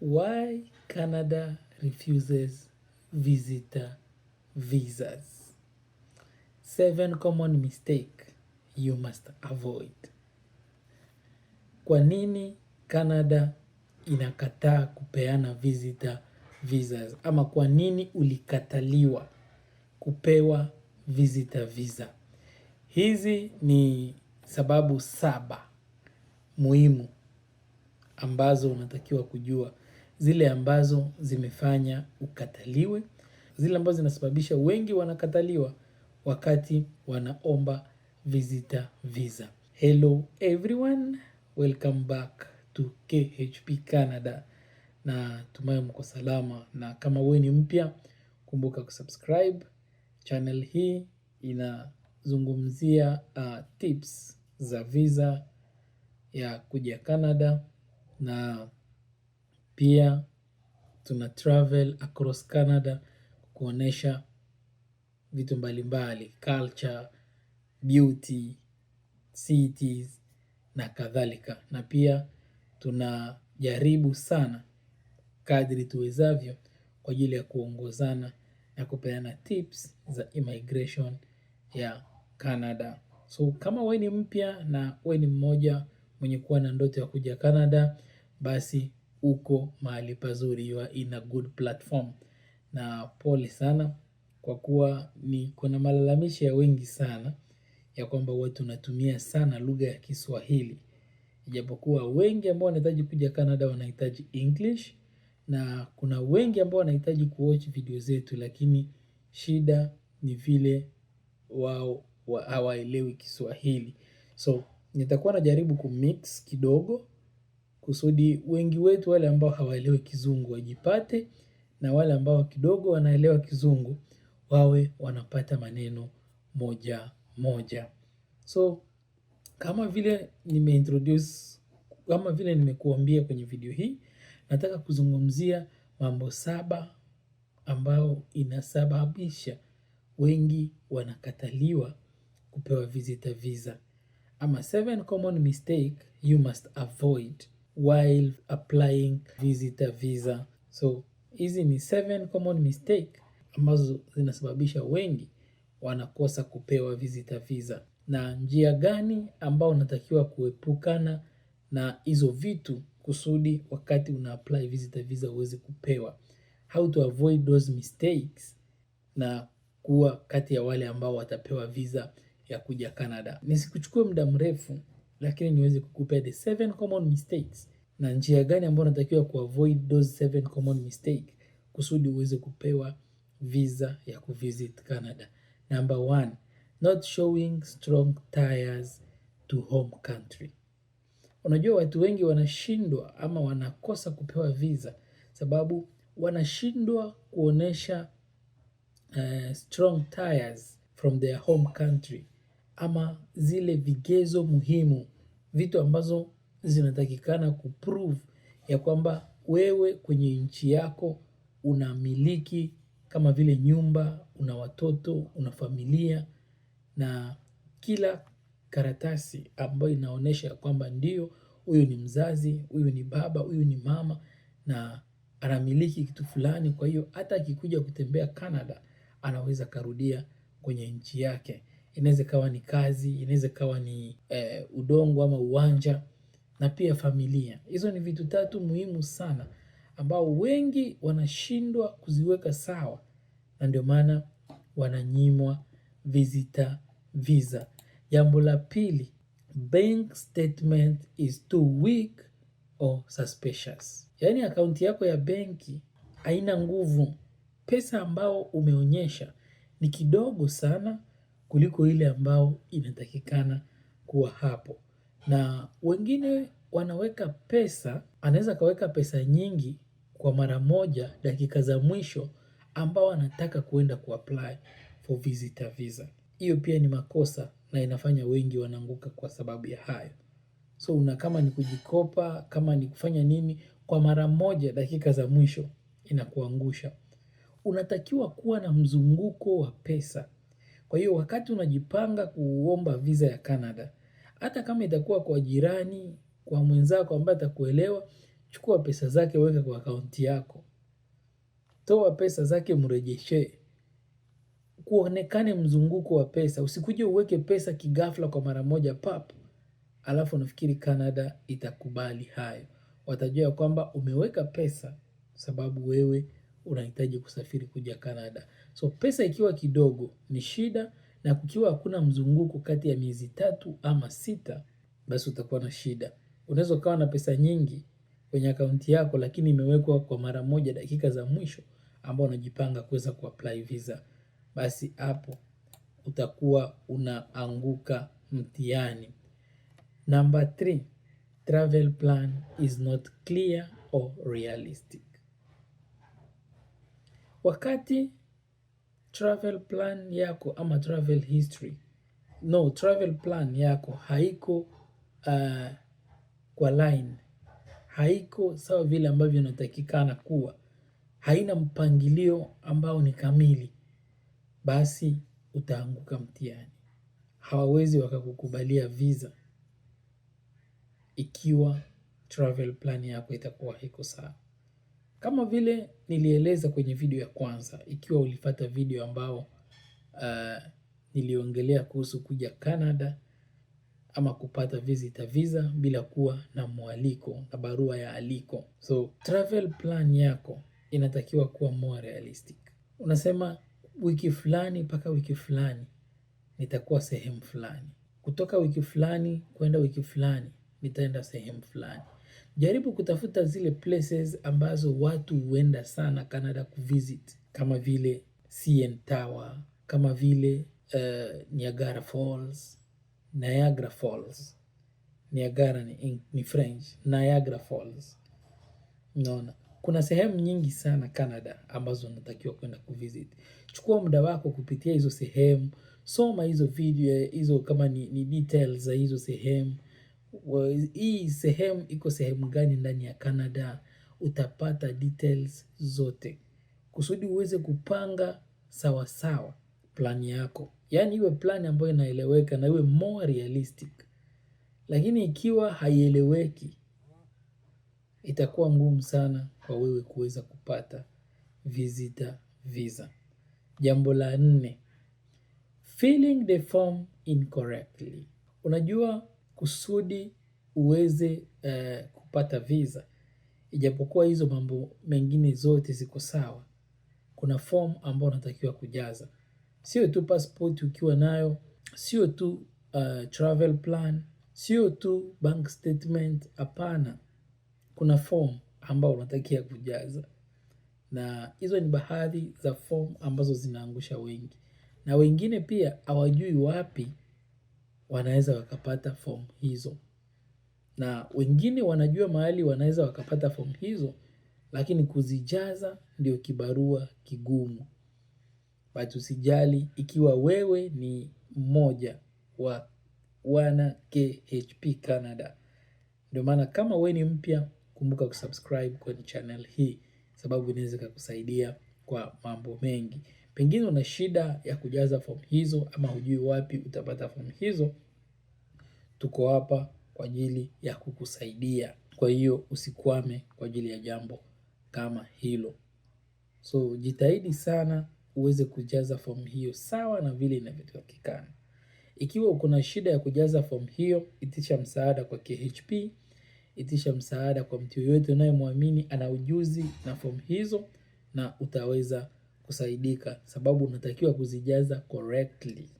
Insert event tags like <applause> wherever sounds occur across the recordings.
Why Canada refuses visitor visas. Seven common mistake you must avoid. Kwa nini Canada inakataa kupeana visitor visas ama kwa nini ulikataliwa kupewa visitor visa? Hizi ni sababu saba muhimu ambazo unatakiwa kujua zile ambazo zimefanya ukataliwe, zile ambazo zinasababisha wengi wanakataliwa wakati wanaomba visitor visa. Hello everyone, welcome back to KHP Canada, na tumaye mko salama, na kama wewe ni mpya, kumbuka kusubscribe channel hii inazungumzia uh, tips za visa ya kuja Canada na pia tuna travel across Canada kuonesha vitu mbalimbali, culture, beauty, cities na kadhalika. Na pia tunajaribu sana kadri tuwezavyo kwa ajili ya kuongozana na kupeana tips za immigration ya Canada. So kama we ni mpya na we ni mmoja mwenye kuwa na ndoto ya kuja Canada basi uko mahali pazuri, you are in a good platform. Na pole sana kwa kuwa ni kuna malalamishi ya wengi sana ya kwamba watu natumia sana lugha ya Kiswahili, ijapokuwa wengi ambao wanahitaji kuja Canada wanahitaji English na kuna wengi ambao wanahitaji kuwatch video zetu, lakini shida ni vile wao hawaelewi Kiswahili, so nitakuwa najaribu kumix kidogo kusudi wengi wetu wale ambao hawaelewi kizungu wajipate na wale ambao kidogo wanaelewa kizungu wawe wanapata maneno moja moja. So kama vile nimeintroduce, kama vile nimekuambia kwenye video hii, nataka kuzungumzia mambo saba ambayo inasababisha wengi wanakataliwa kupewa visitor visa ama seven common mistake you must avoid while applying visitor visa. So hizi ni seven common mistake ambazo zinasababisha wengi wanakosa kupewa visitor visa, na njia gani ambao unatakiwa kuepukana na hizo vitu kusudi wakati una apply visitor visa uweze kupewa, how to avoid those mistakes na kuwa kati ya wale ambao watapewa visa ya kuja Canada. Nisikuchukue muda mrefu lakini niweze kukupea the seven common mistakes na njia gani ambayo unatakiwa kuavoid those seven common mistakes kusudi uweze kupewa visa ya kuvisit Canada. Number one, not showing strong ties to home country. Unajua watu wengi wanashindwa ama wanakosa kupewa visa sababu wanashindwa kuonesha uh, strong ties from their home country ama zile vigezo muhimu, vitu ambazo zinatakikana kuprove ya kwamba wewe kwenye nchi yako unamiliki kama vile nyumba, una watoto, una familia na kila karatasi ambayo inaonesha ya kwamba ndio huyu ni mzazi, huyu ni baba, huyu ni mama na anamiliki kitu fulani. Kwa hiyo hata akikuja kutembea Canada anaweza karudia kwenye nchi yake inaweza ikawa ni kazi, inaweza ikawa ni eh, udongo ama uwanja na pia familia. Hizo ni vitu tatu muhimu sana ambao wengi wanashindwa kuziweka sawa, na ndio maana wananyimwa visitor visa. Jambo la pili, bank statement is too weak or suspicious, yaani akaunti yako ya benki haina nguvu. Pesa ambao umeonyesha ni kidogo sana kuliko ile ambao inatakikana kuwa hapo. Na wengine wanaweka pesa, anaweza akaweka pesa nyingi kwa mara moja dakika za mwisho ambao anataka kuenda kuapply for visitor visa. Hiyo pia ni makosa na inafanya wengi wanaanguka kwa sababu ya hayo. So una kama ni kujikopa, kama ni kufanya nini, kwa mara moja dakika za mwisho inakuangusha. Unatakiwa kuwa na mzunguko wa pesa kwa hiyo wakati unajipanga kuomba visa ya Canada, hata kama itakuwa kwa jirani, kwa mwenzako ambaye atakuelewa, chukua pesa zake weka kwa akaunti yako. Toa pesa zake mrejeshee. Kuonekane mzunguko wa pesa. Usikuje uweke pesa kighafla kwa mara moja pap. Alafu unafikiri Canada itakubali hayo. Watajua ya kwamba umeweka pesa sababu wewe unahitaji kusafiri kuja Canada. So pesa ikiwa kidogo ni shida, na kukiwa hakuna mzunguko kati ya miezi tatu ama sita, basi utakuwa na shida. Unaweza ukawa na pesa nyingi kwenye akaunti yako, lakini imewekwa kwa mara moja dakika za mwisho ambao unajipanga kuweza kuapply visa, basi hapo utakuwa unaanguka mtihani. Number three, travel plan is not clear or realistic. Wakati travel plan yako ama travel history, no travel plan yako haiko uh, kwa line, haiko sawa vile ambavyo inatakikana kuwa, haina mpangilio ambao ni kamili, basi utaanguka mtihani. Hawawezi wakakukubalia visa ikiwa travel plan yako itakuwa haiko sawa. Kama vile nilieleza kwenye video ya kwanza, ikiwa ulifata video ambao uh, niliongelea kuhusu kuja Canada ama kupata visitor visa bila kuwa na mwaliko na barua ya aliko. So travel plan yako inatakiwa kuwa more realistic. Unasema wiki fulani mpaka wiki fulani nitakuwa sehemu fulani, kutoka wiki fulani kwenda wiki fulani nitaenda sehemu fulani jaribu kutafuta zile places ambazo watu huenda sana Canada kuvisit kama vile CN Tower, kama vile uh, Niagara Falls, Niagara Falls. Niagara ni, ni French, Niagara Falls. Unaona, kuna sehemu nyingi sana Canada ambazo unatakiwa kwenda kuvisit. Chukua muda wako kupitia hizo sehemu, soma hizo video hizo, kama ni, ni details za hizo sehemu hii sehemu iko sehemu gani ndani ya Canada, utapata details zote kusudi uweze kupanga sawasawa sawa plani yako, yaani iwe plani ambayo inaeleweka na iwe more realistic. Lakini ikiwa haieleweki, itakuwa ngumu sana kwa wewe kuweza kupata visitor visa. Jambo la nne, filling the form incorrectly. Unajua kusudi uweze eh, kupata visa. Ijapokuwa hizo mambo mengine zote ziko sawa, kuna form ambayo unatakiwa kujaza, sio tu passport ukiwa nayo, sio tu uh, travel plan, sio tu bank statement. Hapana, kuna form ambayo unatakiwa kujaza, na hizo ni baadhi za form ambazo zinaangusha wengi, na wengine pia hawajui wapi wanaweza wakapata form hizo, na wengine wanajua mahali wanaweza wakapata form hizo, lakini kuzijaza ndio kibarua kigumu. Basi usijali ikiwa wewe ni mmoja wa wana KHP Canada. Ndio maana kama wewe ni mpya, kumbuka kusubscribe kwenye channel hii, sababu inaweza kukusaidia kwa mambo mengi. Pengine una shida ya kujaza fomu hizo ama hujui wapi utapata fomu hizo tuko hapa kwa ajili ya kukusaidia. Kwa hiyo usikwame kwa ajili ya jambo kama hilo. So jitahidi sana uweze kujaza fomu hiyo sawa na vile inavyotakikana. Ikiwa uko na shida ya kujaza fomu hiyo, itisha msaada kwa KHP, itisha msaada kwa mtu yoyote unayemwamini ana ujuzi na fomu hizo, na utaweza kusaidika, sababu unatakiwa kuzijaza correctly.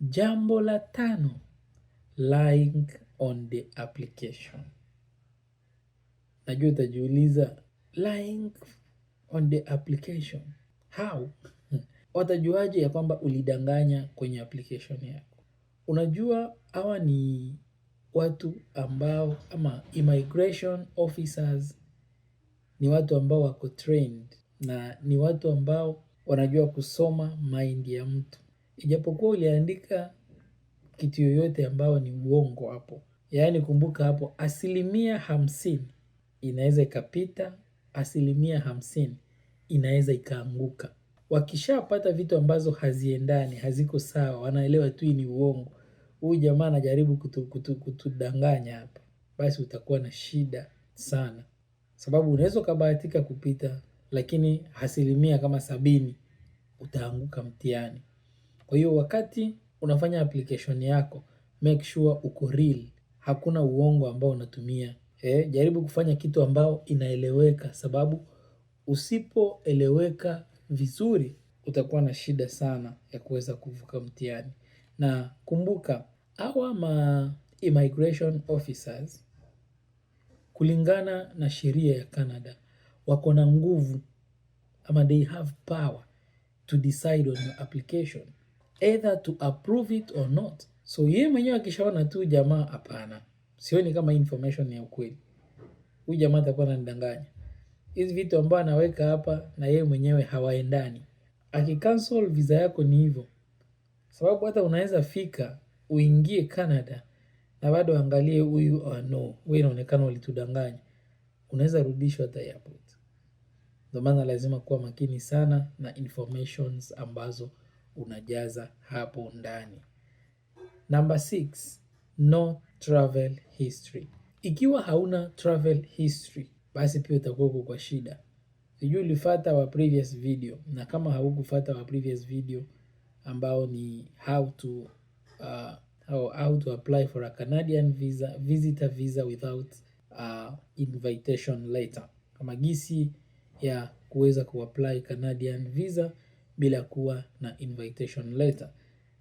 Jambo la tano, lying on the application. Najua utajiuliza lying on the application how? <laughs> Watajuaje ya kwamba ulidanganya kwenye application yako? Unajua hawa ni watu ambao ama immigration officers ni watu ambao wako trained na ni watu ambao wanajua kusoma mind ya mtu. Ijapokuwa uliandika kitu yoyote ambayo ni uongo hapo. Yaani kumbuka hapo asilimia hamsini inaweza ikapita, asilimia hamsini inaweza ikaanguka. Wakishapata vitu ambazo haziendani, haziko sawa, wanaelewa tu ni uongo, huyu jamaa anajaribu kutu, kutu, kutudanganya hapa, basi utakuwa na shida sana, sababu unaweza ukabahatika kupita, lakini asilimia kama sabini utaanguka mtihani. Kwa hiyo wakati unafanya application yako make sure uko real, hakuna uongo ambao unatumia. Eh, jaribu kufanya kitu ambao inaeleweka, sababu usipoeleweka vizuri utakuwa na shida sana ya kuweza kuvuka mtihani. Na kumbuka hawa ma immigration officers kulingana na sheria ya Canada wako na nguvu ama they have power to decide on your application either to approve it or not. So yeye mwenyewe akishaona tu jamaa, hapana, sioni kama information ni ya ukweli, huyu jamaa atakuwa ananidanganya, hizi vitu ambavyo anaweka hapa na yeye mwenyewe hawaendani. Akikansel visa yako ni hivyo, sababu hata unaweza fika uingie Canada na bado angalie huyu ano, ah, wewe inaonekana ulitudanganya, unaweza rudishwa hata airport. Ndio maana lazima kuwa makini sana na informations ambazo unajaza hapo ndani. Number 6, no travel history. Ikiwa hauna travel history, basi pia utakuwa uko kwa shida. Sijui ulifata wa previous video, na kama haukufata wa previous video ambao ni how to uh, how, how to apply for a Canadian visa, visitor visa without uh, invitation letter, kama gisi ya kuweza kuapply Canadian visa bila kuwa na invitation letter.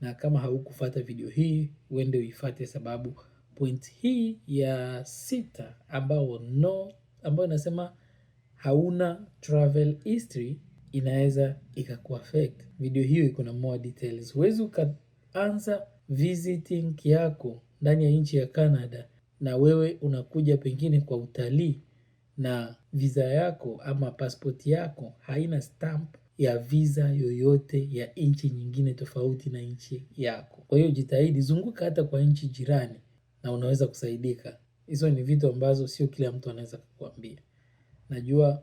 Na kama haukufata video hii, uende uifate sababu point hii ya sita ambao no ambayo inasema hauna travel history inaweza ikakuwa fake. Video hiyo iko na more details. Huwezi ukaanza visiting yako ndani ya nchi ya Canada na wewe unakuja pengine kwa utalii na visa yako ama passport yako haina stamp ya visa yoyote ya nchi nyingine tofauti na nchi yako. Kwa hiyo jitahidi, zunguka hata kwa nchi jirani na unaweza kusaidika. Hizo ni vitu ambazo sio kila mtu anaweza kukuambia. Najua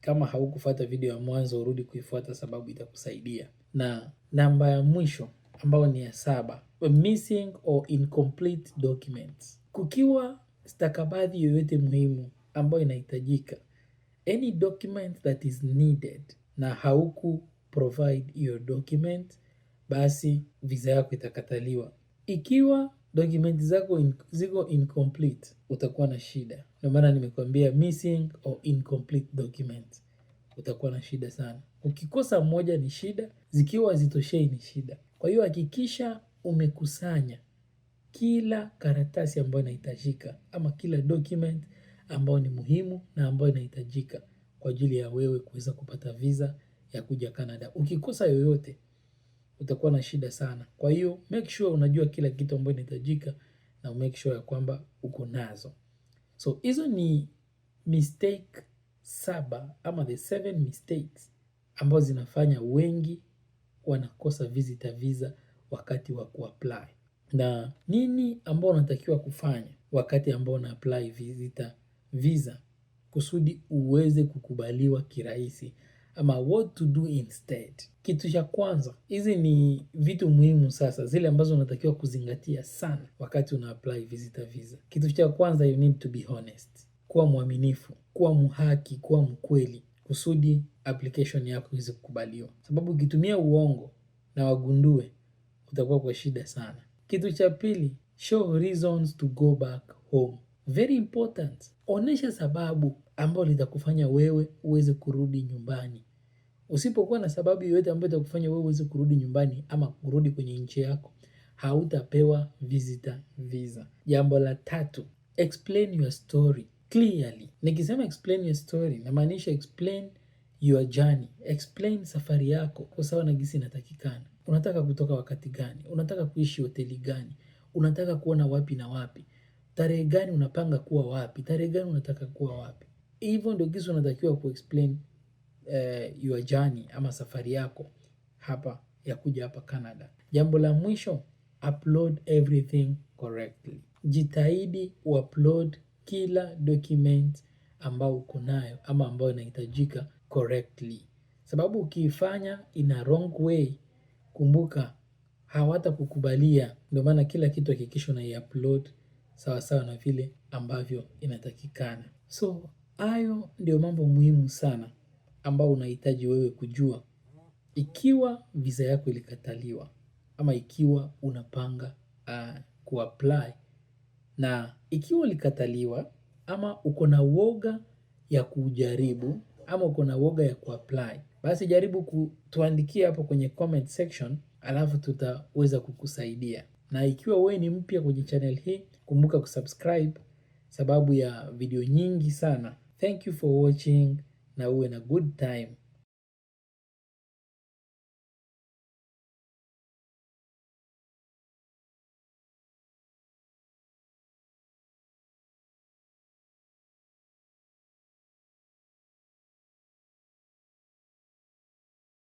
kama haukufuata video ya mwanzo urudi kuifuata, sababu itakusaidia. Na namba ya mwisho ambayo ni ya saba, missing or incomplete documents. Kukiwa stakabadhi yoyote muhimu ambayo inahitajika, any document that is needed na hauku provide hiyo document, basi visa yako itakataliwa. Ikiwa document zako in, ziko incomplete, utakuwa na shida. Ndio maana nimekuambia missing or incomplete document, utakuwa na shida sana. Ukikosa moja ni shida, zikiwa hazitoshei ni shida. Kwa hiyo hakikisha umekusanya kila karatasi ambayo inahitajika ama kila document ambayo ni muhimu na ambayo inahitajika kwa ajili ya wewe kuweza kupata visa ya kuja Canada. Ukikosa yoyote utakuwa na shida sana. Kwa hiyo make sure unajua kila kitu ambacho inahitajika na make sure ya kwamba uko nazo. So hizo ni mistake saba ama the seven mistakes ambazo zinafanya wengi wanakosa visitor visa wakati wa kuapply. Na nini ambao unatakiwa kufanya wakati ambao una apply visitor visa kusudi uweze kukubaliwa kirahisi ama what to do instead. Kitu cha kwanza, hizi ni vitu muhimu sasa, zile ambazo unatakiwa kuzingatia sana wakati una apply visitor visa. Kitu cha kwanza, you need to be honest, kuwa mwaminifu, kuwa mhaki, kuwa mkweli kusudi application yako iweze kukubaliwa, sababu ukitumia uongo na wagundue, utakuwa kwa shida sana. Kitu cha pili, show reasons to go back home, very important. Onesha sababu ambao litakufanya wewe uweze kurudi nyumbani. Usipokuwa na sababu yoyote ambayo itakufanya wewe uweze kurudi nyumbani ama kurudi kwenye nchi yako, hautapewa visitor visa. Jambo la tatu, explain your story clearly. Nikisema explain your story, namaanisha explain your journey, explain safari yako kwa sawa na gisi inatakikana. Unataka kutoka wakati gani? Unataka kuishi hoteli gani? Unataka kuona wapi na wapi? Tarehe gani unapanga kuwa wapi? Tarehe gani unataka kuwa wapi? hivyo ndio kitu unatakiwa kuexplain uh, your journey ama safari yako hapa ya kuja hapa Canada. Jambo la mwisho, upload everything correctly. Jitahidi uupload kila document ambao uko nayo ama ambayo inahitajika correctly, sababu ukiifanya ina wrong way, kumbuka hawatakukubalia. Ndio maana kila kitu hakikisha unaiupload sawa na vile ambavyo inatakikana. So Hayo ndio mambo muhimu sana ambao unahitaji wewe kujua ikiwa visa yako ilikataliwa ama ikiwa unapanga uh, kuapply na ikiwa ulikataliwa ama uko na woga ya kujaribu ama uko na woga ya kuapply, basi jaribu kutuandikia hapo kwenye comment section, alafu tutaweza kukusaidia. Na ikiwa wewe ni mpya kwenye channel hii, kumbuka kusubscribe sababu ya video nyingi sana Thank you for watching na uwe na good time.